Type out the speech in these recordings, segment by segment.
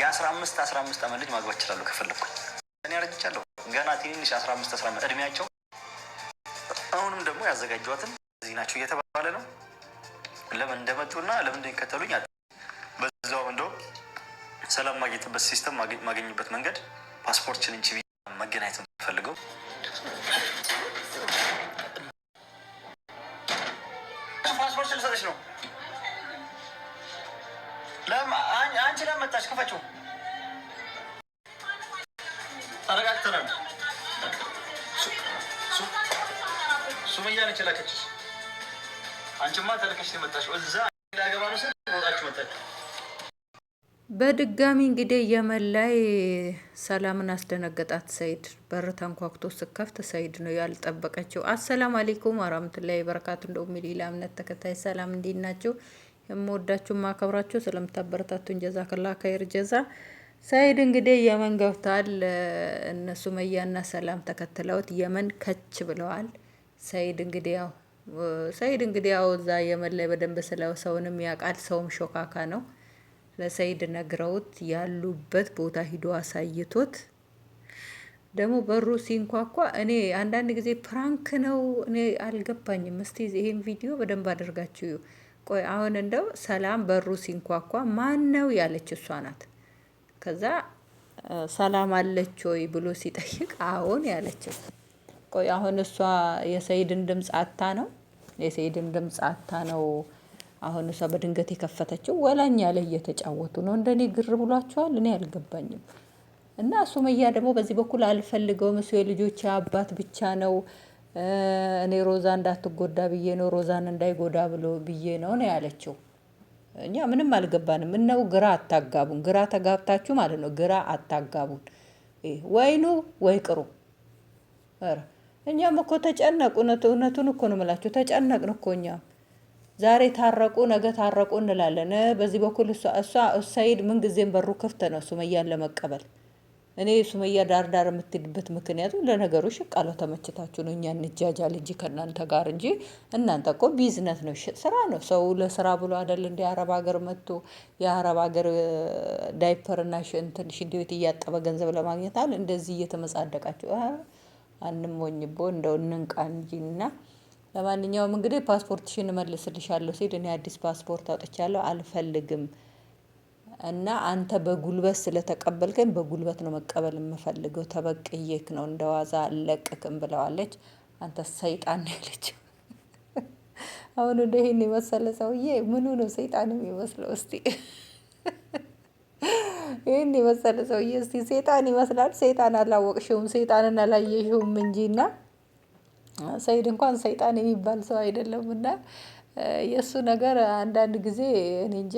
የአስራ አምስት አስራ አምስት ዓመት ልጅ ማግባት ይችላሉ ከፈለግኩ። እኔ አረጅቻለሁ ገና ትንንሽ አስራ አምስት አስራ አምስት እድሜያቸው አሁንም ደግሞ ያዘጋጇትን እዚህ ናቸው እየተባለ ነው። ለምን እንደመጡና ለምን እንደሚከተሉኝ አ በዛው እንደውም ሰላም ማግኘትበት ሲስተም ማገኝበት መንገድ ፓስፖርት እንጂ መገናኘት ፈልገው ፓስፖርት ልሰጠች ነው አንቺ ለመጣሽ ክፈችው። ተረጋግተናል። ሱመያ ነች የላከችሽ። አንቺማ ተልከሽ እዛ ነው ስል ወጣችሁ በድጋሚ እንግዲህ የመን ላይ ሰላምን አስደነገጣት። ሰይድ በር ተንኳኩቶ ስከፍት ሰይድ ነው ያልጠበቀችው። አሰላም አሌይኩም ወራህመቱላሂ በረካቱ። እንደሚል ሚሊላ እምነት ተከታይ ሰላም እንዲናቸው የምወዳችሁ ማከብራችሁ ስለምታበረታቱን ጀዛ ከላ ከይር ጀዛ። ሰይድ እንግዲህ የመን ገብታል እነሱ መያና ሰላም ተከትለውት የመን ከች ብለዋል። ሰይድ እንግዲህ ያው ሰኢድ እንግዲህ ያው እዛ የመን ላይ በደንብ ስለው ሰውንም ያውቃል። ሰውም ሾካካ ነው። ለሰይድ ነግረውት ያሉበት ቦታ ሂዶ አሳይቶት ደግሞ በሩ ሲንኳኳ እኔ አንዳንድ ጊዜ ፕራንክ ነው እኔ አልገባኝም። እስቲ ይሄን ቪዲዮ በደንብ አድርጋችሁ ቆይ አሁን እንደው ሰላም በሩ ሲንኳኳ ማን ነው ያለች እሷ ናት። ከዛ ሰላም አለች ወይ ብሎ ሲጠይቅ አሁን ያለችው። ቆይ አሁን እሷ የሰይድን ድምፅ አታ ነው የሰይድን ድምፅ አታ ነው አሁን እሷ በድንገት የከፈተችው ወላኛ ላይ እየተጫወቱ ነው። እንደኔ ግር ብሏቸዋል። እኔ አልገባኝም። እና ሱመያ ደግሞ በዚህ በኩል አልፈልገውም፣ እሱ የልጆች አባት ብቻ ነው እኔ ሮዛ እንዳትጎዳ ብዬ ነው ሮዛን እንዳይጎዳ ብሎ ብዬ ነው ነው ያለችው። እኛ ምንም አልገባንም። እነው ግራ አታጋቡን፣ ግራ ተጋብታችሁ ማለት ነው። ግራ አታጋቡን። ወይኑ ወይ ቅሩ። እኛም እኮ ተጨነቁ። እውነቱን እኮ ነው የምላችሁ። ተጨነቅን እኮ እኛም ዛሬ ታረቁ ነገ ታረቁ እንላለን። በዚህ በኩል እሷ እሷ ሰይድ ምንጊዜም በሩ ክፍት ነው ሱመያን ለመቀበል እኔ ሱመያ ዳርዳር የምትልበት ምክንያቱ ለነገሩ ሽቃለው ተመችታችሁ ነው። እኛ እንጃጃል እንጂ ከእናንተ ጋር እንጂ እናንተ እኮ ቢዝነስ ነው፣ ስራ ነው። ሰው ለስራ ብሎ አደል እንደ አረብ ሀገር መጥቶ የአረብ ሀገር ዳይፐርና እንትን ሽንት ቤት እያጠበ ገንዘብ ለማግኘት አለ እንደዚህ እየተመጻደቃችሁ አንሞኝቦ እንደው እንንቃ እንጂ እና ለማንኛውም እንግዲህ ፓስፖርትሽን እመልስልሻለሁ ሲል እኔ አዲስ ፓስፖርት አውጥቻለሁ አልፈልግም እና አንተ በጉልበት ስለተቀበልከኝ በጉልበት ነው መቀበል የምፈልገው ተበቅዬክ ነው እንደዋዛ አልለቅክም ብለዋለች። አንተ ሰይጣን ነው ያለችው። አሁን እንደ ይሄን የመሰለ ሰውዬ ምኑ ነው ሰይጣን የሚመስለው? እስቲ ይህን የመሰለ ሰውዬ እስቲ ሰይጣን ይመስላል። ሰይጣን አላወቅሽውም፣ ሰይጣንን አላየሽውም እንጂ እና ሰይድ እንኳን ሰይጣን የሚባል ሰው አይደለም እና የእሱ ነገር አንዳንድ ጊዜ እኔ እንጃ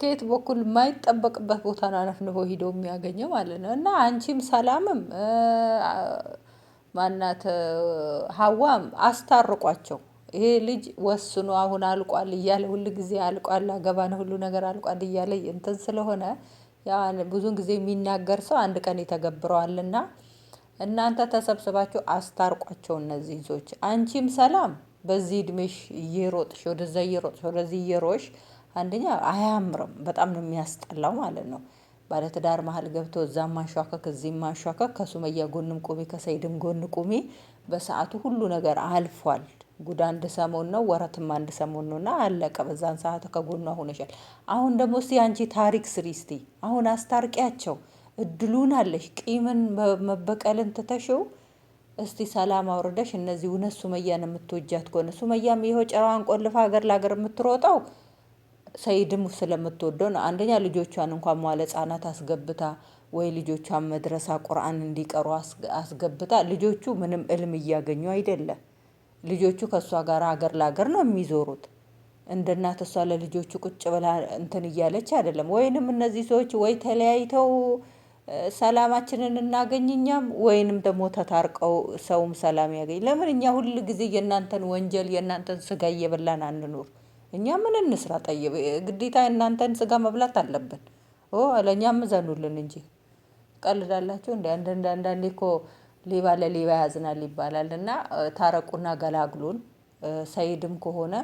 ከየት በኩል የማይጠበቅበት ቦታ አነፍንፎ ሂዶ የሚያገኘው ማለት ነው። እና አንቺም ሰላምም ማናት ሀዋም አስታርቋቸው። ይሄ ልጅ ወስኖ አሁን አልቋል እያለ ሁል ጊዜ አልቋል አገባ ነው ሁሉ ነገር አልቋል እያለ እንትን ስለሆነ ብዙን ጊዜ የሚናገር ሰው አንድ ቀን ይተገብረዋልና እናንተ ተሰብስባችሁ አስታርቋቸው እነዚህ ልጆች። አንቺም ሰላም በዚህ እድሜሽ እየሮጥሽ ወደዛ እየሮጥሽ ወደዚህ እየሮሽ አንደኛ አያምርም፣ በጣም ነው የሚያስጠላው ማለት ነው። ባለትዳር መሀል ገብቶ እዛም ማሸከክ እዚህም ማሸከክ፣ ከሱመያ ጎንም ቁሜ ከሰይድም ጎን ቁሜ። በሰዓቱ ሁሉ ነገር አልፏል። ጉድ አንድ ሰሞን ነው፣ ወረትም አንድ ሰሞን ነው እና አለቀ። በዛን ሰዓት ከጎኗ ሆነሻል። አሁን ደግሞ እስቲ አንቺ ታሪክ ስሪ እስቲ አሁን አስታርቂያቸው። እድሉን አለሽ። ቂምን መበቀልን ትተሽው እስቲ ሰላም አውርደሽ እነዚህ እውነት ሱመያን የምትወጃት ከሆነ ሱመያም ይኸው ጨዋን ቆልፋ ሀገር ለሀገር የምትሮጠው ሰይድም ስለምትወደው ነው። አንደኛ ልጆቿን እንኳን መዋለ ህጻናት አስገብታ ወይ ልጆቿን መድረሳ ቁርአን እንዲቀሩ አስገብታ ልጆቹ ምንም እልም እያገኙ አይደለም። ልጆቹ ከእሷ ጋር ሀገር ለሀገር ነው የሚዞሩት። እንደ እናት እሷ ለልጆቹ ቁጭ ብላ እንትን እያለች አይደለም። ወይንም እነዚህ ሰዎች ወይ ተለያይተው ሰላማችንን እናገኝ እኛም ወይንም ደግሞ ተታርቀው ሰውም ሰላም ያገኝ። ለምን እኛ ሁል ጊዜ የእናንተን ወንጀል የእናንተን ስጋ እየበላን አንኑር። እኛ ምን እንስራ ጠይብ ግዴታ እናንተን ስጋ መብላት አለብን። ኦ ለእኛም እዘኑልን እንጂ ትቀልዳላችሁ እንደ አንዳንዴ እኮ ሌባ ለሌባ ያዝናል ይባላል። እና ታረቁና ገላግሉን። ሰይድም ከሆነ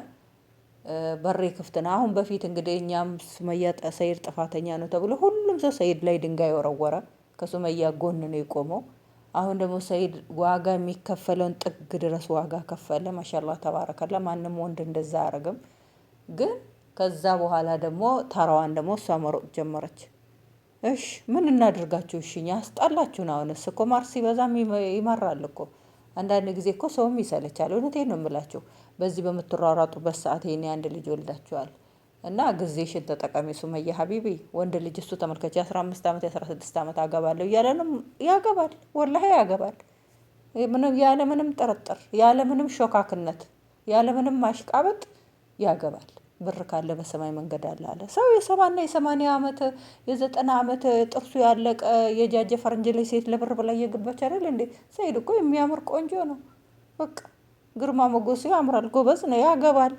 በሬ ክፍት ነው። አሁን በፊት እንግዲህ እኛም ሱመያ ሰይድ ጥፋተኛ ነው ተብሎ ሁሉም ሰው ሰይድ ላይ ድንጋይ ወረወረ። ከሱመያ ጎን ነው የቆመው። አሁን ደግሞ ሰይድ ዋጋ የሚከፈለውን ጥግ ድረስ ዋጋ ከፈለ። ማሻላ ተባረከላ። ማንም ወንድ እንደዛ አያረግም። ግን ከዛ በኋላ ደግሞ ተራዋን ደግሞ እሷ መሮጥ ጀመረች። እሽ ምን እናድርጋችሁ? እሽኛ አስጣላችሁን። አሁንስ እኮ ማርሲ በዛም ይመራል እኮ አንዳንድ ጊዜ እኮ ሰውም ይሰለቻል። እውነቴን ነው የምላችሁ። በዚህ በምትሯሯጡበት ሰዓት ይሄኔ አንድ ልጅ ወልዳችኋል እና ጊዜሽን ተጠቀሚ ሱመያ ሀቢቢ። ወንድ ልጅ እሱ ተመልከች፣ የአስራ አምስት ዓመት የአስራ ስድስት ዓመት አገባለሁ እያለ ያገባል። ወላሂ ያገባል። ያለምንም ጥርጥር፣ ያለምንም ሾካክነት፣ ያለምንም ማሽቃበጥ ያገባል። ብር ካለ በሰማይ መንገድ አለ አለ። ሰው የሰባና የሰማንያ ዓመት የዘጠና ዓመት ጥርሱ ያለቀ የጃጀ ፈረንጅ ላይ ሴት ለብር ብላ እየገባች አይደል እንዴ? ሰይድ እኮ የሚያምር ቆንጆ ነው። በቃ ግርማ ሞገሱ ያምራል። ጎበዝ ነው፣ ያገባል።